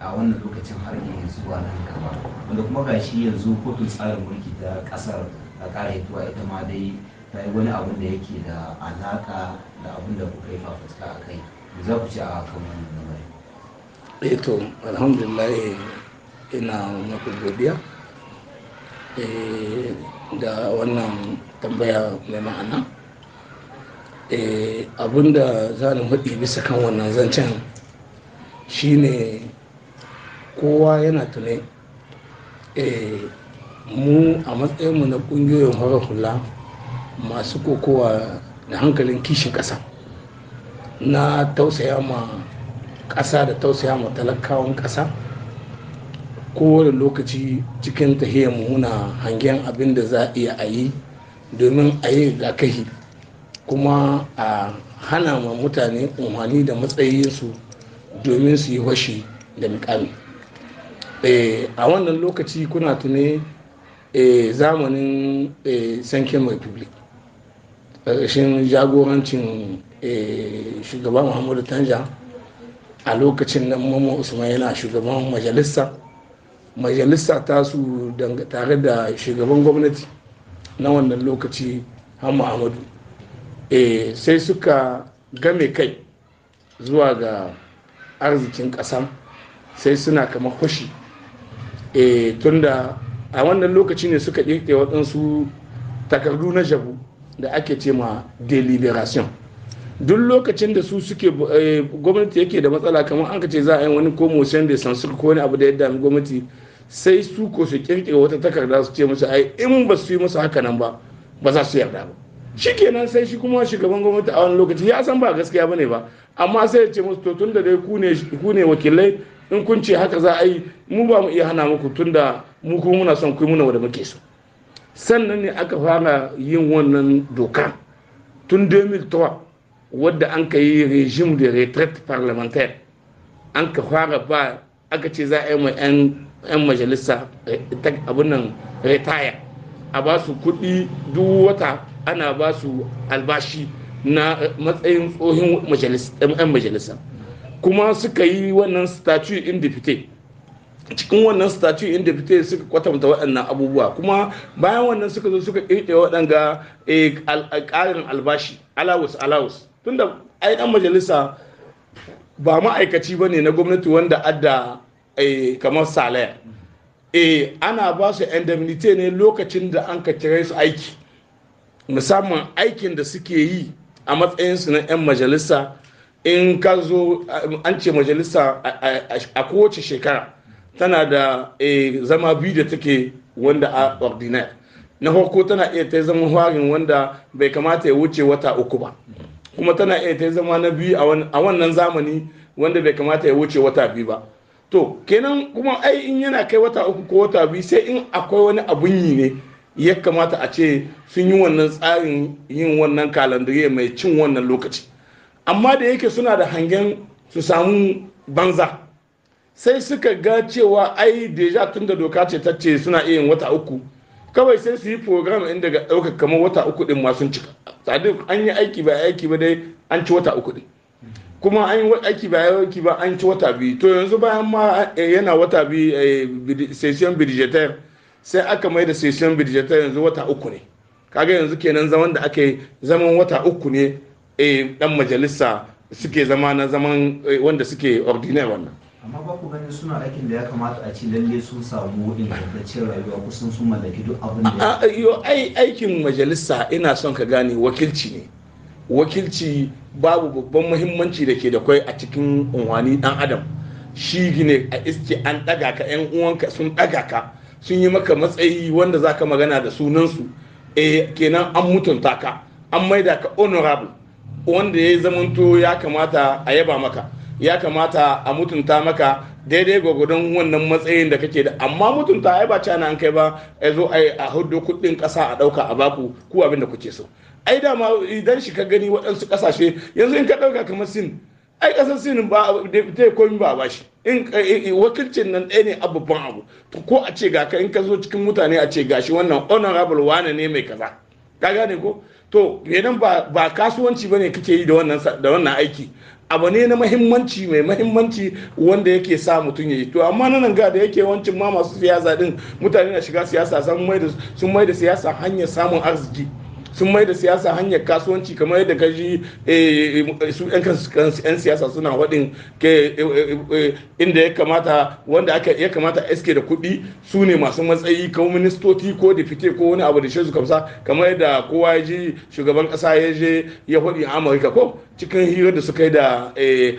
a wannan lokacin har zuwa nan gaba wanda kuma shi yanzu kotun tsarin mulki ta kasar a kara hituwa ita ma dai ta yi wani abin da yake da alaka da abin da kuka yi fafuska a kai za ku ci a kan wannan lamarin eh to alhamdulillah ina muku godiya eh, da wannan tambaya mai ma'ana eh, Abin da za mu haɗi bisa kan wannan zancen shine kowa yana tunai eh, mu a matsayinmu na ƙungiyoyin horar hula masu kokowa da hankalin kishin ƙasa na tausaya ma ƙasa da tausaya ma talakawan ƙasa kowane lokaci cikin tahiyar muna hangen abin da za a iya a yi domin a yi kahi kuma a hana ma mutane umarni da matsayinsu domin su yi washi da mikami Eh, a wannan lokaci kuna tuni eh, zamanin eh, sankin republic ƙarshen jagorancin shugaban muhammadu tanja a lokacin nan mamman usman yana shugaban majalisa majalisa ta su tare da shugaban gwamnati na wannan lokaci han muhammadu sai suka game kai zuwa ga arzikin ƙasa sai suna kamar hushi e tunda a wannan lokaci ne suka ƙirƙe waɗansu takardu na jabu da ake ce ma deliberation duk lokacin da su suke eh, gwamnati yake da matsala kamar an ka ce za a yi wani ko motion da san ko wani abu da ya dami gwamnati sai su ko su wata takarda su ce musu ai in ba su yi musu haka nan ba ba za su yarda ba shikenan sai shi kuma shugaban gwamnati a wani lokaci ya san ba gaskiya bane ba amma sai ya ce musu to tun da dai ku ne wakilai in kun ce haka za a yi mu ba mu iya hana muku tunda mu kuma muna son ku muna wanda muke so sannan ne aka fara yin wannan doka tun 2003 wadda an ka yi rejim da retret parlementaire an ka fara ba aka ce za a yi ma 'yan majalisa eh, abin nan retire a ba su kuɗi duk wata ana ba su albashi na eh, matsayin tsohon eh, 'yan majalisa kuma suka yi wannan statue in fite cikin wannan statue in fite suka kwatanta waɗannan abubuwa kuma bayan wannan suka zo suka ƙirƙe waɗanga eh, ƙarin albashi alawus alawus tunda ai dan majalisa ba ma'aikaci ba ne na gwamnati wanda adda eh, kamar salaya e eh, ana ba su indemnity ne lokacin da an ka kira su aiki musamman aikin da suke yi a matsayinsu na 'yan majalisa in ka zo an ce majalisa a kowace shekara tana da eh, zama biyu da take wanda a ordinaire na farko tana iya ta zama harin wanda bai kamata ya wuce wata uku ba kuma tana iya ta zama na biyu a wannan zamani wanda bai kamata ya wuce wata biyu ba to kenan kuma ai in yana kai wata uku ko wata biyu sai in akwai wani abun yi ne ya kamata a ce sun yi wannan tsarin yin wannan kalandire mai cin wannan lokaci amma da yake suna da hangen su samu banza sai suka ga cewa ai deja tun da doka ce ta ce suna iya wata uku kawai sai su yi program inda ga ɗaukar kamar wata uku din masu cika sadu an yi aiki ba aiki ba dai an ci wata uku din kuma an yi aiki ba aiki ba an ci wata biyu to yanzu bayan ma eh, yana wata biyu eh, session budgetaire sai aka mai da session budgetaire yanzu wata uku ne kaga yanzu kenan zaman da aka yi zaman wata uku ne Eh, dan majalisa suke zama na zaman eh, wanda suke ordinary wannan amma ba ku ganin suna aikin da ya kamata a ci lalle sun samu ingantaccen rayuwa kusan sun mallaki duk abin da yo ai aikin majalisa ina son ka gane wakilci ne wakilci babu babban muhimmanci da ke da kwai a cikin unwani dan adam shi gine a iske an daga ka yan uwanka sun daga ka sun yi maka matsayi wanda zaka magana da sunansu eh kenan an mutunta ka an maida ka honorable wanda ya zamanto ya kamata a yaba maka ya kamata a mutunta maka daidai gwagwadon wannan matsayin da kake da amma mutunta ai ba cana an kai ba a zo a hudu kudin kasa a dauka a baku ku abin da kuke so ai dama idan shi ka gani waɗansu kasashe yanzu in ka ɗauka kamar sin ai kasar sin ba da komi ba ba shi in eh, eh, wakilcin nan ɗaya ne babban abu ko a ce ga ka in ka zo cikin mutane a ce gashi wannan honorable wane ne mai kaza ka gane ko to idan ba kasuwanci ba bane kake yi da wannan aiki abu ne na mahimmanci mai mahimmanci wanda yake sa mutum ya yi to amma nan ga da yake wancin ma masu siyasa din mutane na shiga siyasa sun mai da siyasa hanyar samun arziki sun mai da siyasa hanyar kasuwanci kamar yadda ka eh, eh, su 'yan siyasa suna waɗin eh, inda ya kamata wanda aka ya kamata iske da kuɗi su ne masu matsayi ko ministoci ko difite ko wani abu da shi su kamsa kamar yadda kowa ya ji shugaban kasa ya je ya faɗi a amurka ko cikin hira da suka yi da eh,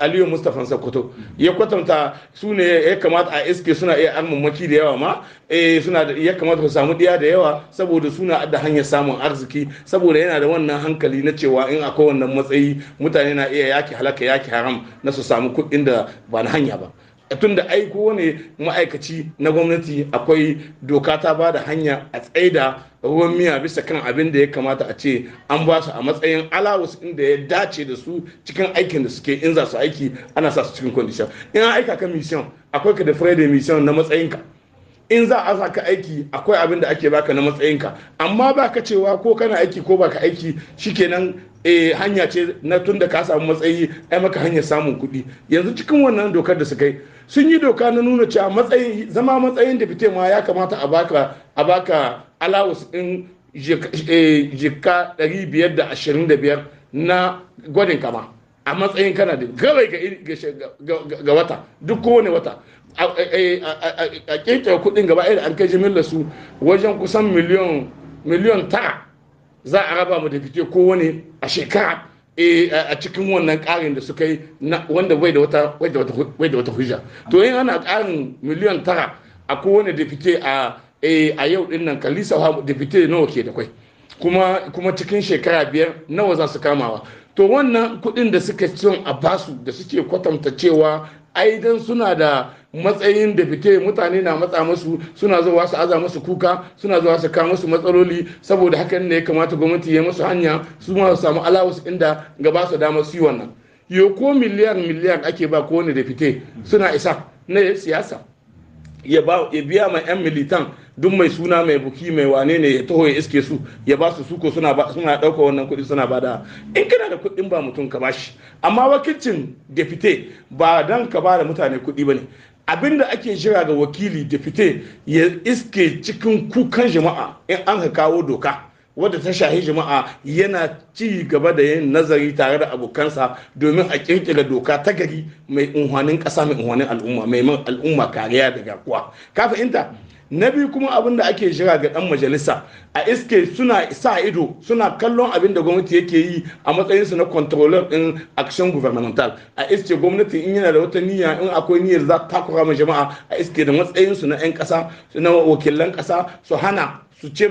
aliyu mustafan sakoto ya kwatanta su ne ya kamata a iske suna iya armamaki da yawa ma eh, suna ya kamata su samu diya da yawa saboda suna da hanyar samun arziki saboda yana da wannan hankali na cewa in akwai wannan matsayi mutane na iya yaki halaka yaki haram na su samu kuɗin da ba na hanya ba tun da aiko ne ma'aikaci na gwamnati akwai doka ta ba da hanya a tsaida ruwan miya bisa kan abin da ya kamata a ce an ba su a matsayin alawus inda ya dace da su cikin aikin da suke in za su aiki ana sa su cikin condition in an aika ka mission akwai ka da da mission na matsayinka in za a ka aiki akwai abin da ake baka na matsayinka amma ba ka cewa ko kana aiki ko baka aiki shi shikenan eh hanya ce na tunda ka samu matsayi ai maka hanyar samun kuɗi yanzu cikin wannan dokar da suka yi sun yi doka na nuna cewa matsayin zama matsayin da fite ma ya kamata a baka a baka allowance din jikka 525 na gwadin kama a matsayin kana da gawai ga wata duk kowane wata a kekiyar kudin gaba da an kai jimillar su wajen kusan miliyan tara za a raba mu da fito kowane a shekara eh, a cikin wannan ƙarin da suka yi wanda bai da wata hujja to yin ana ƙarin miliyan tara a kowane da fice eh, a yau din nan kalisa da fice nawa ke da kwai kuma cikin shekara biyar nawa za su kamawa to wannan kuɗin da suka son a basu da suke kwatanta cewa aidan dan suna da matsayin da fite mutane na matsa masu suna zuwa su aza musu kuka suna zuwa su kawo musu matsaloli saboda hakan ne ya kamata gwamnati ya masu hanya su ma su samu alawus inda gaba su dama su yi wannan yo ko miliyan miliyan ake ba kowane da fite suna isa na siyasa ya biya ma 'yan militan duk mai suna mai buki mai wane ne ya taho ya iske su ya ba su suko suna suna ɗauka wannan kuɗi suna ba da in kana da kuɗin ba mutum ka bashi amma wakilcin da fite ba dan ka ba da mutane kuɗi ba ne abinda ake jira ga wakili da fite ya iske cikin kukan jama'a in an ka kawo doka wadda ta shahi jama'a yana ci gaba da yin nazari tare da abokansa domin a kirkira doka ta gari mai unhwanin ƙasa mai unhwanin al'umma mai al'umma kariya daga kuwa ka fahimta na biyu kuma abin da ake jira ga dan majalisa a iske suna sa ido suna kallon abin da gwamnati yake yi a matsayinsu na controller din action governmental a iske gwamnati in yana da wata niyya in akwai niyyar za ta takura ma jama'a a iske da matsayin su na 'yan kasa na wakilan kasa su hana su ce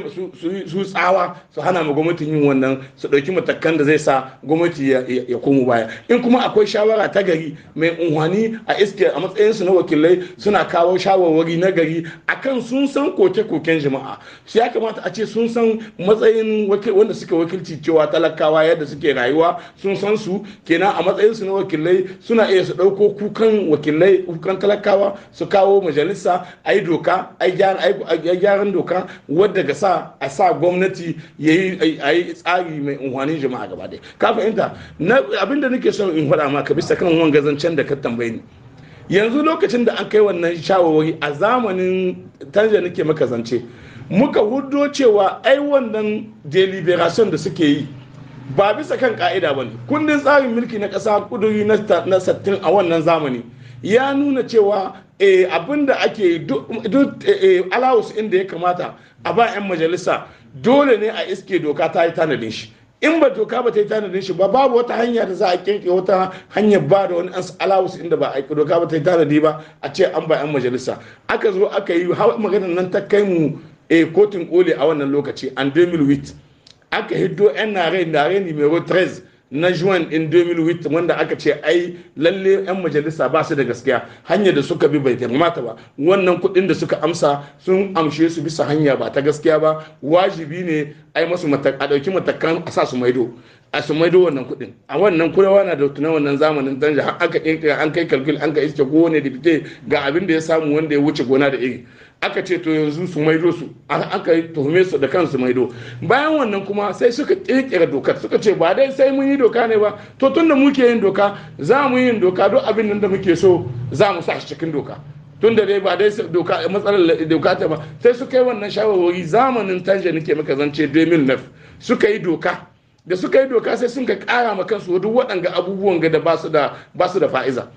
su tsawa su hana ma gwamnatin yin wannan su ɗauki matakan da zai sa gwamnati ya komo baya in kuma akwai shawara ta gari mai unhwani a iske a su na wakilai suna kawo shawarwari na gari akan sun san koke-koken jama'a su ya kamata a ce sun san matsayin wanda suke wakilci cewa talakawa yadda suke rayuwa sun san su kenan a matsayin su na wakilai suna iya su ɗauko kukan wakilai kukan talakawa su kawo majalisa yi doka yi gyaran doka wadda daga sa a sa gwamnati ya yi tsari mai unhwanin jama'a gaba ɗaya ka fahimta abinda nake son in faɗa maka bisa kan wangazancen da ka tambaye ni yanzu lokacin da an kai wannan shawarwari a zamanin tanja nake maka zance muka hudo cewa ai wannan deliberation da suke yi ba bisa kan ka'ida ba ne kundin tsarin mulki na kasa kuduri na sattin a wannan zamani ya nuna cewa eh, eh, eh da ake duk allowance inda ya kamata a ba 'yan majalisa dole ne a iske doka ta yi tanadin shi in ba doka ba ta yi tanadin shi ba babu wata hanya da za a kirkira wata hanyar ba da wani alawus inda ba a doka ba ta yi tanadi ba a ce an ba 'yan majalisa aka zo aka yi maganar nan ta kai mu a eh, kotun koli a wannan lokaci and 2008 aka hiddo 'yan nare nare ne mai 13 na juan in 2008 wanda aka ce ai lalle 'yan majalisa ba su da gaskiya hanyar da suka bi bai kamata ba wannan kudin da suka amsa sun amshe su bisa hanya ba ta gaskiya ba wajibi ne ai masu a ɗauki matakan a sa su maido a su maido wannan kudin a wannan kurewa na da tunan wannan zamanin danja an kai kalkul an ka iske kowane fite ga abin da ya samu wanda ya wuce gona da iri aka ce to yanzu su maido su aka tuhume su da kansu maido bayan wannan kuma sai suka kirkira dokar suka ce ba dai sai mun yi doka ne ba to tunda muke yin doka za mu yi doka duk abin nan da muke so za mu sa shi cikin doka tunda dai ba dai doka matsalar doka ta ba sai suka yi wannan shawarwari zamanin tanja nake maka zance 2009 suka yi doka da suka yi doka sai sun ka kara ma kansu duk waɗanga abubuwan ga da ba su da fa'iza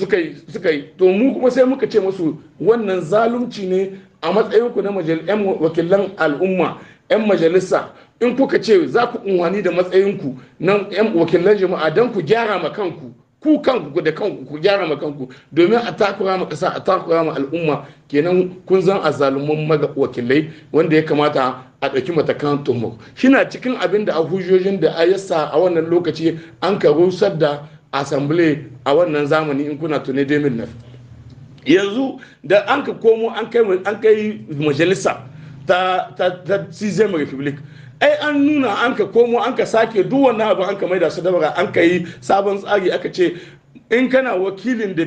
suka yi suka yi to mu kuma sai muka ce masu wannan zalunci ne a matsayin ku na yan wakilan al'umma yan majalisa in kuka ce za ku unwani da matsayin ku na yan wakilan jama'a don ku gyara ma kanku ku kanku da kanku ku gyara ma kanku domin a takura ma kasa a takura ma al'umma kenan kun zan a zaluman wakilai wanda ya kamata a ɗauki matakan tumur shina cikin abin da a hujjojin da a yasa a wannan lokaci an ka rusar da assembly a wannan zamani in kuna tuni 2009 yanzu da an ka komo an kai majalisa ta ta cizem republic ai an nuna an ka komo an ka sake duk wannan abu an ka maida su dabara an ka yi sabon tsari aka ce in kana wakilin da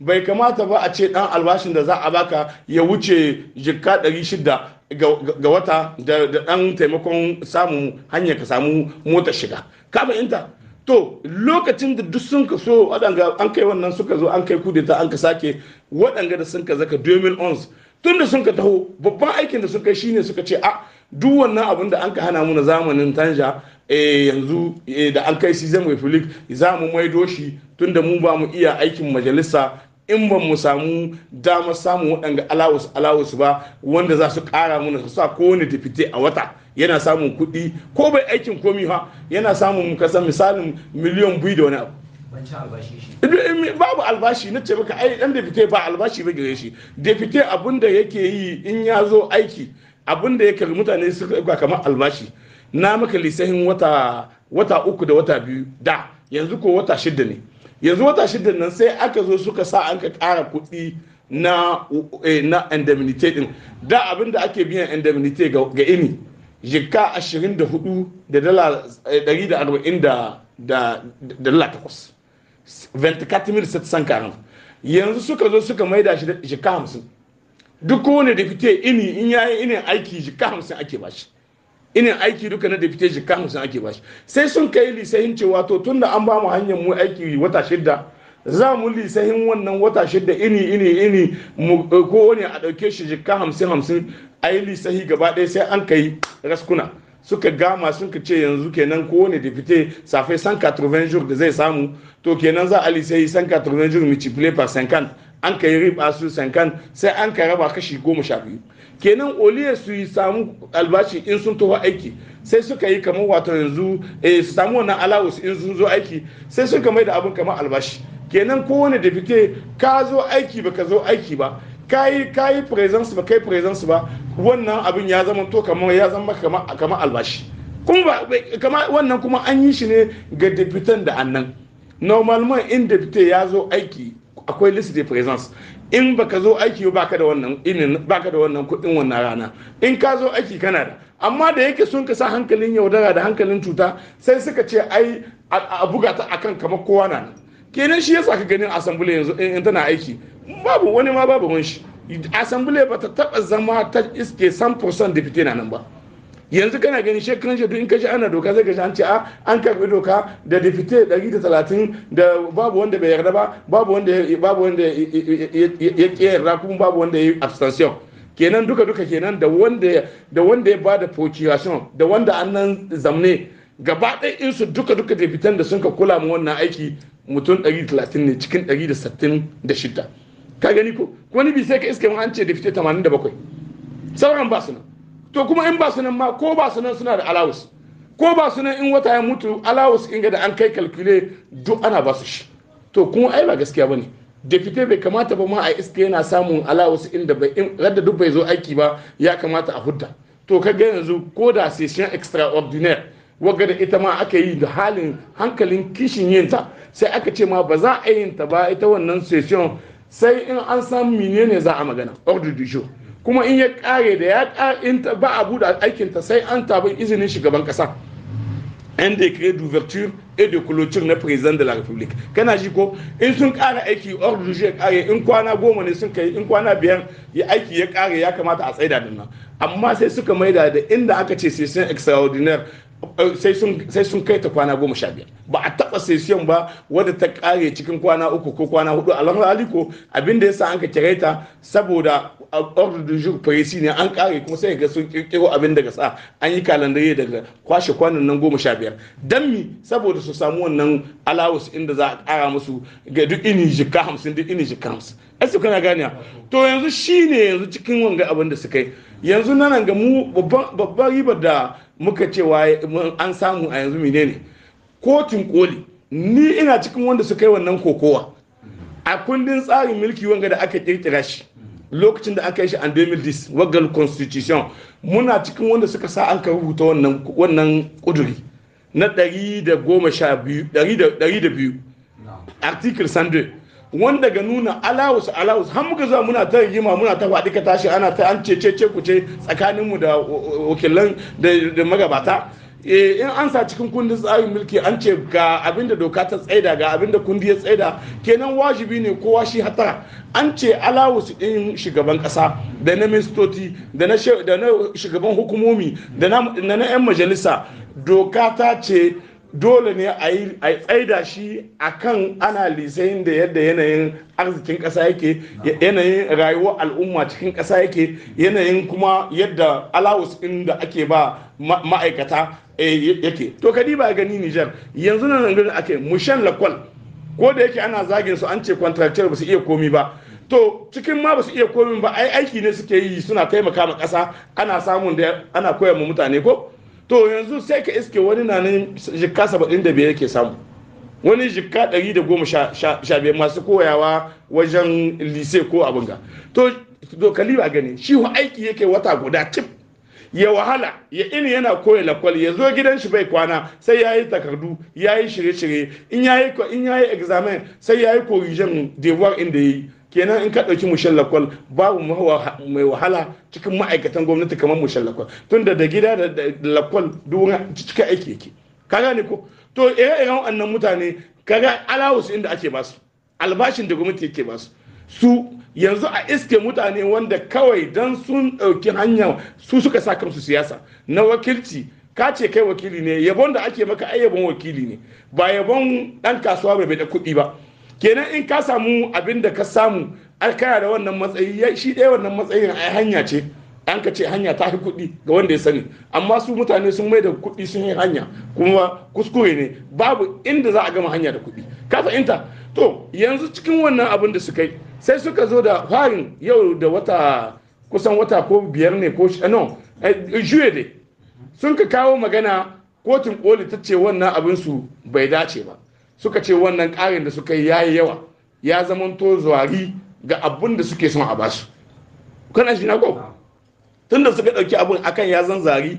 bai kamata ba a ce dan albashin da za a baka ya wuce jikka 600 ga wata da dan taimakon samun hanyar ka samu mota shiga ka inta to lokacin da duk sun ka so waɗanga an kai wannan suka zo an kai kudeta an ka sake waɗanga da sun ka zaka 2011 tun da sun ka taho babban aikin da suka shine suka ce a duk wannan abin da an ka hana mu na zamanin tanja eh, yanzu eh, da an kai season republic za mu maido shi tun da mu ba mu iya aikin majalisa in ba mu samu damar samun waɗanga alawus alawus ba wanda za su ƙara mana su sa kowane tafite a wata yana samun kuɗi ko bai aikin komi ha yana samun kasa misalin miliyan biyu da wani abu eh, babu albashi na ce maka ai dan depute ba albashi ba gare shi depute abin da yake yi in ya zo aiki abin da ya karbi mutane su kwa kamar albashi na maka lisahin wata uku da wata biyu da yanzu ko wata shida ne yanzu wata shida nan sai aka zo suka sa an ka ƙara kuɗi na eh, na indemnity din da abin da ake biyan indemnity ga ini jika 24 da dala 140 eh, da 24,740 yanzu suka zo suka maida shi jika 50 duk wani da fite ini in yayi inin aiki jika 50 ake bashi inin aiki duka na fite jika 50 ake bashi sai sun kai lisahin cewa to tun da an ba mu hanyar mu aiki wata shidda za mu lisahin wannan wata shidda ini ini ini eh, ko wani a ɗauke shi jika hamsin hamsin ai lisahi gaba ɗaya sai an kai raskuna suka gama sun ka ce yanzu kenan kowane da ça safai 180 jours da zai samu to kenan za a lisahi 180 jours multiplié par 50 an kai riba su 50 sai an ka raba kashi goma sha biyu kenan oliya su yi samu albashi in sun taho aiki sai suka yi kamar wato yanzu eh, su samu wannan alawus in sun zo aiki sai suka mai da abin kamar albashi kenan kowane fite ka zo aiki ba ka zo aiki ba kai kai presence ba kai presence ba wannan abin ya zama to kamar ya zama kamar albashi kuma kamar wannan kuma an yi shi ne ga deputan da annan normalement in deputy ya zo aiki akwai list de presence in baka zo aiki baka da wannan inin baka da wannan kudin wannan rana in ka zo aiki kana da amma da yake sun ka sa hankalin yaudara da hankalin cuta sai suka ce ai a buga ta akan kamar kowa na kenan shi yasa ka ganin asambule yanzu in tana aiki babu wani ma babu wani shi asambule ba ta taba zama ta iske 100% deputy na nan ba yanzu kana gani shekaran shekaru in kashi ana doka zai kashi an ce ah, an karbi doka da deputy 130 da babu wanda bai yarda ba babu wanda babu wanda ya ki kuma babu wanda ya yi abstention kenan duka duka kenan da wanda da wanda ya bada procuration da wanda an nan zamne gaba ɗaya su duka duka deputy da sun ka kula mu wannan aiki mutum 130 ne cikin 166 ka gani ko wani bi sai ka iske an ce da fite 87 sauran ba su nan to kuma in ba su nan ma ko ba su nan suna da alawus ko ba su nan in wata ya mutu alawus inga da an kai kalkule duk ana ba su shi to kuma ai ba gaskiya ba ne da fite bai kamata ba ma a iske yana samun alawus inda bai in radda duk bai zo aiki ba ya kamata a hudda to ka ga yanzu ko da session extraordinaire wagga da ita ma aka yi da halin hankalin kishin yinta sai aka ce ma ba za a yin ta ba ita wannan session sai in an san menene za a magana ordre du jour kuma in ya kare da ya in ba a buɗe aikin ta sai an tabi izinin shugaban kasa un décret d'ouverture et de clôture na président de la république kana ji ko in sun kara aiki ordre du jour ya kare in kwana goma ne sun kai in kwana biyar ya aiki ya kare ya kamata a tsaida din amma sai suka maida da inda aka ce session extraordinaire Eh, sai sun kai ta kwana goma sha biyar ba a taɓa sesiyon ba wadda ta kare cikin kwana uku ko kwana hudu alhamdulillah ko abin da yasa an ka kire ta saboda eh, ordre du jour parisi ne an kare kuma sai ga sun kirkiro abin daga sa an yi kalandare daga kwashe kwanan nan goma sha biyar dan mi saboda su samu wannan alawus inda za a ƙara musu ga duk ini jika hamsin duk ini jika hamsin ai su kana ganiya? to yanzu shine yanzu cikin wanga abin da suka yi yanzu nan ga mu babban ribar da muka cewa an samu a yanzu menene kotun koli ni ina cikin wanda suka kai wannan kokowa a kundin tsarin milki wanga da aka kirkira shi lokacin da aka yi shi an 2010 wagal constitution muna cikin wanda suka sa an ka rubuta wannan kuduri na 112 article 102 wanda ga nuna alawus alawus har muka zuwa muna ta yima muna ta faɗi ka tashi ana ta an cece ce kuce tsakaninmu da wakilan da magabata eh, in an sa cikin kundin tsarin mulki an ce ga abinda doka ta tsaida ga abinda kundi ya tsaida kenan wajibi ne kowa shi hatta an ce alawus din shugaban kasa da na ministoci da na shugaban hukumomi da na 'yan majalisa doka ta ce dole ne a yi tsaida shi a kan ana lisayin da yadda yanayin arzikin ƙasa yake yanayin rayuwar al'umma cikin ƙasa yake yanayin kuma yadda alawus ɗin da ake ba ma'aikata eh, yake to kadi ba gani nijar yanzu nan gani ake mushen lakwal ko da yake ana zagin su an ce contractor ba su iya komi ba to cikin ma ba su iya komi ba ai aiki ne suke yi suna taimaka ma ƙasa ana samun da ana koya ma mutane ko to yanzu sai ka iske wani na nan jikka saba'in da biyar yake samu wani jikka ɗari da goma sha biyar masu koyawa wajen lise ko abin ga to dokali ba gani shi aiki yake wata guda tip ya wahala ya ini yana koya lakwal ya zo gidan shi bai kwana sai ya yi takardu ya yi shirye-shirye in ya yi examen sai ya yi corrigen devoir inda ya yi kenan in ka ɗauki mushallakwal babu mai wahala cikin ma'aikatan gwamnati kamar mushallakwal tun da gida da lakwal duk cikin aiki yake ka gane ko to ire-iren wannan mutane kaga alawus inda ake basu albashin da gwamnati yake basu su yanzu a iske mutane wanda kawai dan sun ɗauki hanya su suka sa kansu siyasa na wakilci ka ce kai wakili ne yabon da ake maka ai yabon wakili ne ba yabon ɗan kasuwa bai da kuɗi ba kenan in ka samu abin da ka samu ai kana da wannan matsayi shi ɗaya wannan matsayin ai hanya ce an ka ce hanya ta fi kuɗi ga wanda ya sani amma su mutane sun mai da kuɗi sun yi hanya kuma kuskure ne babu inda za a gama hanya da kuɗi ka fahimta to yanzu cikin wannan abin da suka yi sai suka zo da farin yau da wata kusan wata ko biyar ne ko eh, no eh, juye dai sun ka kawo magana kotun koli ta ce wannan abin su bai dace ba suka ce wannan ƙarin da suka yi yayi yawa ya zama zuwari ga abun da suke son a basu kana shi na ko tunda suka ɗauki abun akan ya zan zari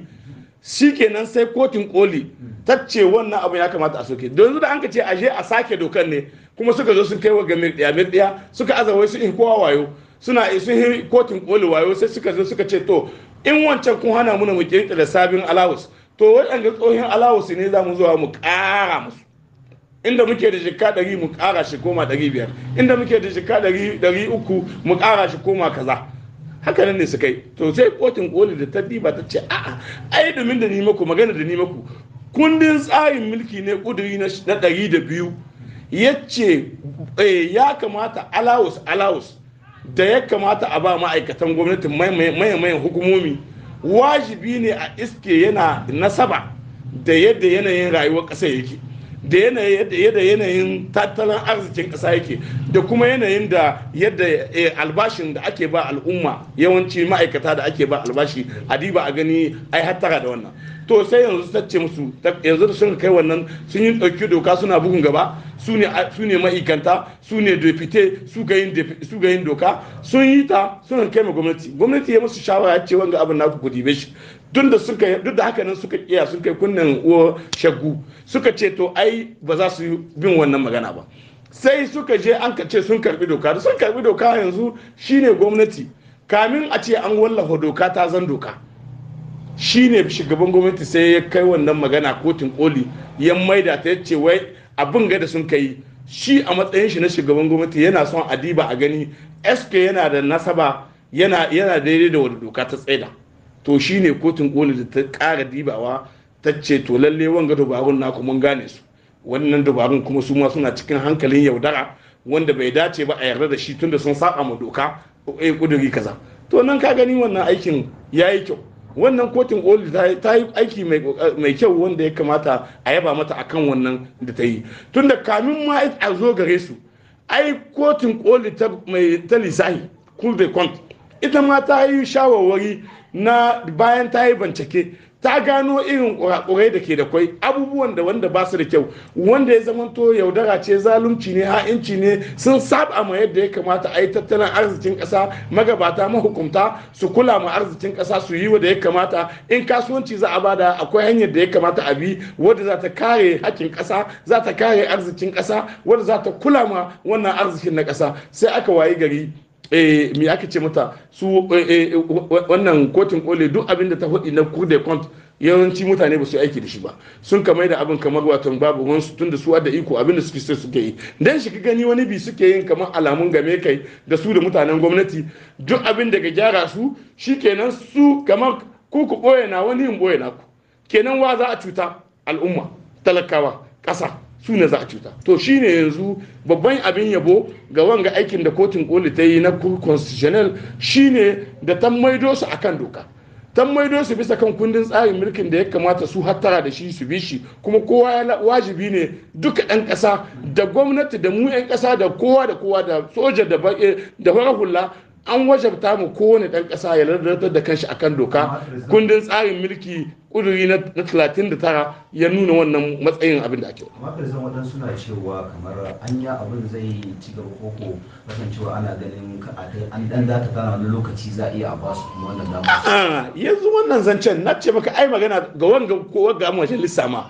shi kenan sai kotun koli ta ce wannan abun ya kamata a soke don da an ka ce aje a sake dokan ne kuma suka zo sun kai wa ga mir mirɗiya suka aza wai su in kowa wayo suna isu hin kotun koli wayo sai suka zo suka ce to in wancan kun hana muna mu kirkira sabin alawus to ga tsohin alawus ne za mu zuwa mu ƙara musu inda muke da jikka ɗari mu ƙara shi koma ɗari biyar inda muke da jikka ɗari uku mu ƙara shi koma kaza haka nan ne su kai to sai kotun koli da ta diba ta ce a'a ai domin da ni maku magana da ni maku kundin tsarin mulki ne kuduri na ɗari da biyu ya ce eh, ya kamata alawus alawus da ya kamata a ba ma'aikatan gwamnati mayan hukumomi wajibi ne a iske yana nasaba da yadda yanayin rayuwar ƙasa yake da yadda yanayin tattalin arzikin ƙasa yake da kuma yanayin da yadda eh, albashin da ake ba al'umma yawanci ma'aikata da ake ba albashi a diba a gani ai hattara da wannan to sai yanzu ta ce musu yanzu da sun kai wannan sun yi ɗauki doka suna bugun gaba su ne ma'aikanta su ne depute su ga yin doka sun yi ta suna kai ma gwamnati gwamnati ya musu shawara ce wanga abin naku ku dibe shi duk da suka duk haka nan suka iya sun kai kunnen wo shaggu suka ce to ai ba za su bin wannan magana ba sai suka je an ce sun karbi doka da sun karbi doka yanzu shine gwamnati kamin a ce an wallafa doka ta zan doka shine shugaban gwamnati sai ya kai wannan magana kotun koli ya maida ta yace wai abin ga da sun kai shi a matsayin shi na shugaban gwamnati yana son adiba a gani sk yana da nasaba yana daidai da wadda doka ta tsaida to shine kotun koli da ta kara dibawa ta ce to lalle wanga dubarun naku mun gane su wannan dubarun kuma su ma suna cikin hankalin yaudara wanda bai dace ba a yarda da shi tunda sun saba ma doka eh kuduri kaza to nan ka gani wannan aikin yayi kyau wannan kotun koli ta yi aiki mai kyau wanda ya kamata a yaba mata akan wannan da ta yi tunda kamin ma a zo gare su ai kotun koli ta lissahi cool de compte ita ma ta yi shawarwari na bayan ta yi bincike ta gano irin kurakurai da ke da kwai abubuwan da wanda ba su da kyau wanda ya zamanto yaudara ce zalunci ne ha'inci ne sun saba ma yadda ya kamata a yi tattalin arzikin ƙasa magabata mahukunta su kula ma arzikin ƙasa su yi da ya kamata in kasuwanci za a bada akwai hanyar da ya kamata a bi wadda za ta kare hakkin ƙasa za ta kare arzikin ƙasa wadda za ta kula ma wannan arzikin na ƙasa sai aka wayi gari Eh, me ake ce mata su eh, eh, wannan kotun kole duk abin da ta hudi na kude compte yawanci mutane ba su aiki da shi ba sun kamar da abin kamar watan babu wansu tun da su da iko abin da suke sai suke yi dan shi gani wani bi suke yin kamar alamun game kai da su da mutanen gwamnati duk abin da ga gyara su shikenan su kamar ku ku boye na wani in boye na ku kenan wa za a cuta al'umma talakawa ƙasa su ne za a cuta to shine yanzu babban abin yabo ga wanga aikin da kotun koli ta yi na constitutional ne da ta maido su a kan doka ta maido su bisa kan kundin tsarin mulkin da ya kamata su hattara da shi su bi shi kuma kowa ya wajibi ne duka ɗan ƙasa da gwamnati da mu 'yan ƙasa da kowa da kowa da soja da eh, farar hula an wajabta mu kowane ɗan ƙasa ya ladatar da kanshi akan doka kundin tsarin mulki ƙuduri na 39 ya nuna wannan matsayin abin da ake amma firzan waɗansu suna cewa kamar anya abin zai ci gaba koko cewa ana ganin ka a kai an dan za ta tana wani lokaci za a iya a basu kuma wannan dama ah, yanzu wannan zancen na ce maka ai magana ga wanga ko wanga lissa ma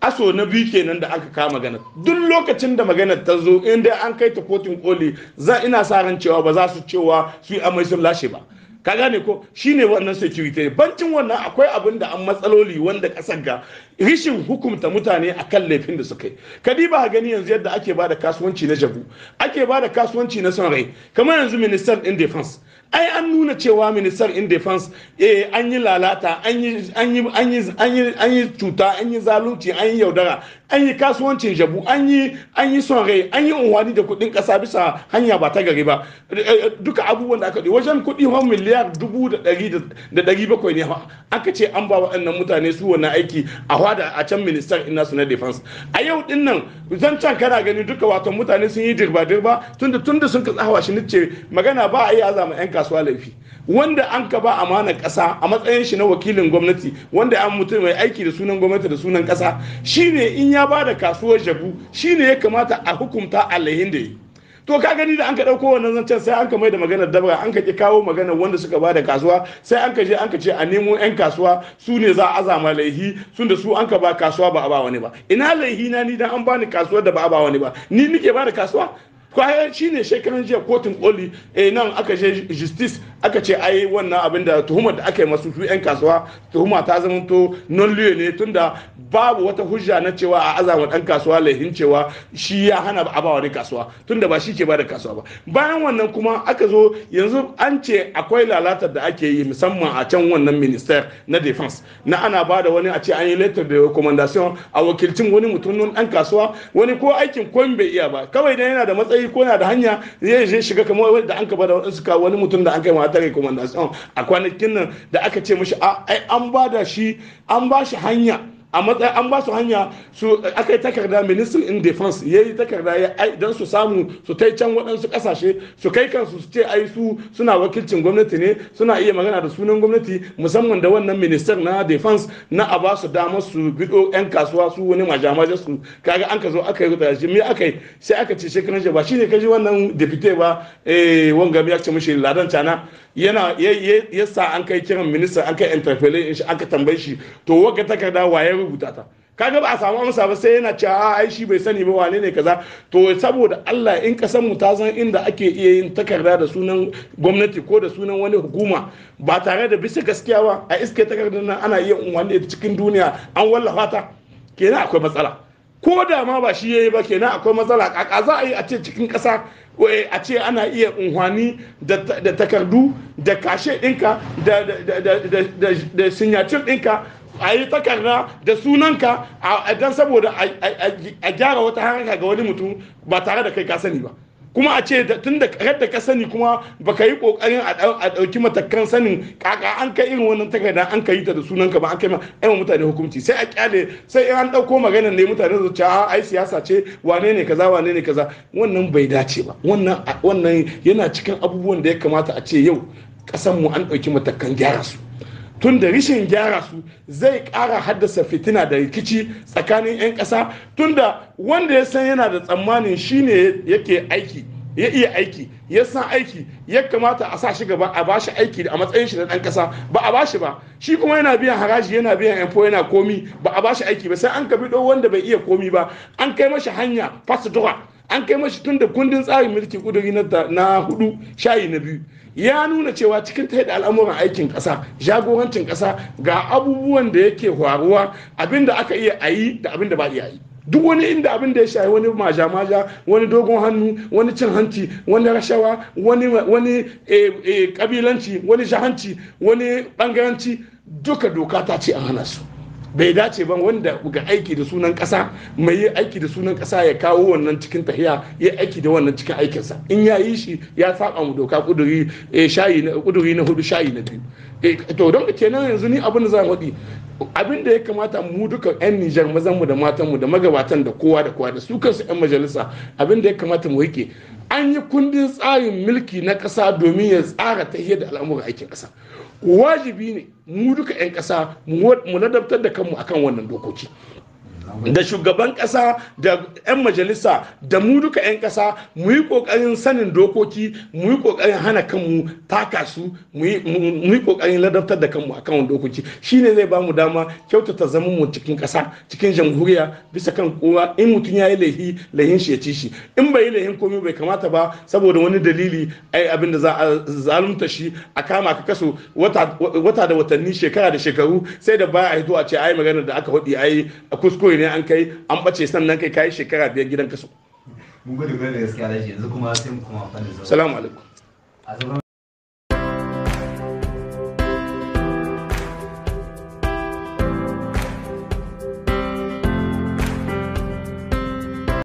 aso na biyu kenan da aka kama magana duk lokacin da maganar ta zo inda an kai ta kotun koli za ina sa ran cewa ba za su cewa su yi amai sun lashe ba ka gane ko shine wannan security bancin wannan akwai abin da an matsaloli wanda kasar ga rishin hukumta mutane akan laifin da suka yi kadiba gani yanzu yadda ake bada kasuwanci na jabu ake bada kasuwanci na son rai kamar yanzu ministan in defense ai an nuna cewa minister in defense eh an yi lalata an yi cuta an yi zalunci an yi yaudara an yi kasuwancin jabu an yi an yi son rai an yi unwani da kudin kasa bisa hanya ba ta gari ba eh, eh, duka abubuwan da aka ɗi wajen kudi hon miliyar dubu da ɗari bakwai ne aka ce an ba waɗannan mutane su wani aiki a hada a can minister ina su na defense a yau dinnan nan can kana gani duka wato mutane sun yi dirba dirba tunda tunda sun ka tsawa shi nice magana ba a yi zama 'yan kasuwa laifi wanda an ka ba amana kasa a matsayin shi na wakilin gwamnati wanda an mutum mai aiki da sunan gwamnati da sunan kasa shine in ya ya da kasuwar jabu shine ya kamata a hukunta alaihin da yi to ka gani da an ka ɗauko wannan zancen sai an ka mai da maganar dabara an ka ki kawo maganar wanda suka ba da kasuwa sai an ka je an ka ce a nemo yan kasuwa su ne za a azama laihi sun da su an ka ba kasuwa ba a ba wani ba ina laihi na ni dan an bani kasuwar da ba a ba wani ba ni nike bada kasuwa kwayar shi ne shekaran jiya kotun koli eh, nan aka je justice aka ce ai wannan abin da tuhumar da aka yi masu su 'yan kasuwa tuhuma ta zama to non lieu ne tunda babu wata hujja na cewa a azama dan kasuwa laihin cewa shi ya hana a ba wani kasuwa tunda ba shi ke ba da kasuwa ba bayan wannan kuma aka zo yanzu an ce akwai lalatar da ake yi musamman a can wannan minister na defense na ana ba da wani a ce an yi letter da recommendation a wakilcin wani mutum dan kasuwa wani ko aikin ko bai iya ba kawai dan yana da matsayi sai ko yana da hanya zai je shiga kamar wanda an kaba da wadansu ka wani mutum da an kai mata rai commandation a kwanakin nan da aka ce mishi ai an ba da shi an ba shi hanya a matsayin an ba su hanya su aka yi takarda ministry in defense ya yi takarda ya don su samu su tai can waɗansu ƙasashe su kai kansu su ce ai su suna wakilcin gwamnati ne suna iya magana da sunan gwamnati musamman da wannan minister na defense na a ba su damar su biɗo 'yan kasuwa su wani majamaje su kaga an ka zo aka yi rutsa me aka yi sai aka ce shekaran ba shine ka ji wannan deputy ba eh wanga ya ce mushi ladan cana yana yasa an kai kiran minister an kai interpellation an ka tambaye shi to waga takarda waye rubuta ta kaga ba a samu amsa ba sai yana cewa ai shi bai sani ba wane ne kaza to saboda Allah in kasan mu ta san inda ake iya yin takarda da sunan gwamnati ko da sunan wani hukuma ba tare da bisa gaskiya ba a iske takardar nan ana iya wani a cikin duniya an wallafa ta kenan akwai matsala ko da ma ba shi yayi ba kenan akwai matsala kaka za a yi a ce cikin kasa eh, a ce ana iya unhwani da takardu da kashe ɗinka da sinyacin dinka. a yi takarda da sunanka a don saboda a gyara wata haraka ga wani mutum ba tare da kai ka sani ba kuma a ce tun da da ka sani kuma ba ka yi kokarin a ɗauki matakan sanin kaka an kai irin wannan takarda an kai ta da sunanka ba an kai ma mutane hukunci sai a kyale sai in an ɗauko maganar ne mutane su ce a ai siyasa ce wane ne kaza wane ne kaza wannan bai dace ba wannan yana cikin abubuwan da ya kamata a ce yau kasanmu an ɗauki matakan gyara su tun da rishin gyara su zai kara haddasa fitina da rikici tsakanin 'yan ƙasa tun da wanda ya san yana da tsammanin shine yake aiki ya iya aiki ya san aiki ya kamata a sa shi gaba a ba shi aiki a matsayin shi na dan kasa ba a ba shi ba shi kuma yana biyan haraji yana biyan info yana komi ba a ba shi aiki ba sai an kabi wanda bai iya komi ba an kai mashi hanya fasdura. an kai mashi tun da kundin tsarin mulki kuduri na hudu shayi na biyu ya nuna cewa cikin ta da al'amuran aikin ƙasa jagorancin ƙasa ga abubuwan da yake faruwa abinda aka iya a yi da abinda ba iya yi duk wani inda abin da ya shayi wani maja-maja wani dogon hannu wani cin hanci wani rashawa wani kabilanci eh, eh, wani jahanci wani bangaranci duka doka ta ce an hana su bai dace ba wanda ga aiki da sunan kasa mai yi aiki da sunan kasa ya kawo wannan cikin tahiya ya aiki da wannan cikin aikinsa in ya yi shi ya saba mu doka kuduri eh, na hudu shayi na biyu eh, to don kenan yanzu ni abin da zan faɗi abin da ya kamata mu duka 'yan Nijar mazan mu da matan mu da magabatan da kowa da kowa da su kansu 'yan majalisa abin da ya kamata mu rike an yi kundin tsarin mulki na ƙasa domin ya tsara tahiyar da al'amuran aikin kasa wajibi ne mu duka 'yan ƙasa mu ladabtar da kanmu akan wannan dokoki da shugaban kasa da 'yan majalisa da mu duka 'yan kasa mu yi kokarin sanin dokoki mu yi kokarin hana kanmu taka su mu yi kokarin ladabtar da kanmu akan dokoki shine zai bamu dama kyautata zama mu cikin kasa cikin jamhuriya bisa kan kowa in mutum ya yi laihi laihin shi ya ci shi in bai yi laihin komai bai kamata ba saboda wani dalili ai abin da za a zalunta shi a kama ka kaso wata da watanni shekara da shekaru sai da baya a hito a ce ai maganar da aka hudi ai kuskure ne an kai an bace sannan kai kai shekara biyar gidan kasu. mun gudu da gaskiya yanzu kuma sai mu kuma koma fannin Assalamu alaikum